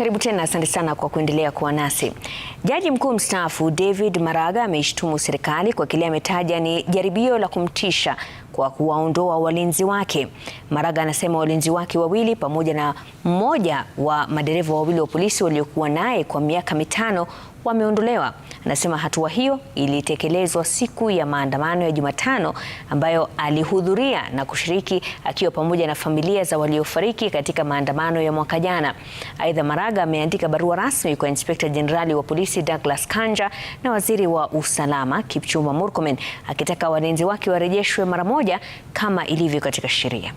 Karibu tena, asante sana kwa kuendelea kuwa nasi. Jaji mkuu mstaafu David Maraga ameishtumu serikali kwa kile ametaja ni jaribio la kumtisha kwa kuwaondoa walinzi wake. Maraga anasema walinzi wake wawili pamoja na mmoja wa madereva wawili wa polisi waliokuwa naye kwa miaka mitano wameondolewa. Anasema hatua hiyo ilitekelezwa siku ya maandamano ya Jumatano ambayo alihudhuria na kushiriki akiwa pamoja na familia za waliofariki katika maandamano ya mwaka jana. Aidha, Maraga ameandika barua rasmi kwa Inspekta Jenerali wa Polisi Douglas Kanja na Waziri wa Usalama Kipchumba Murkomen akitaka walinzi wake warejeshwe mara moja pamoja kama ilivyo katika sheria.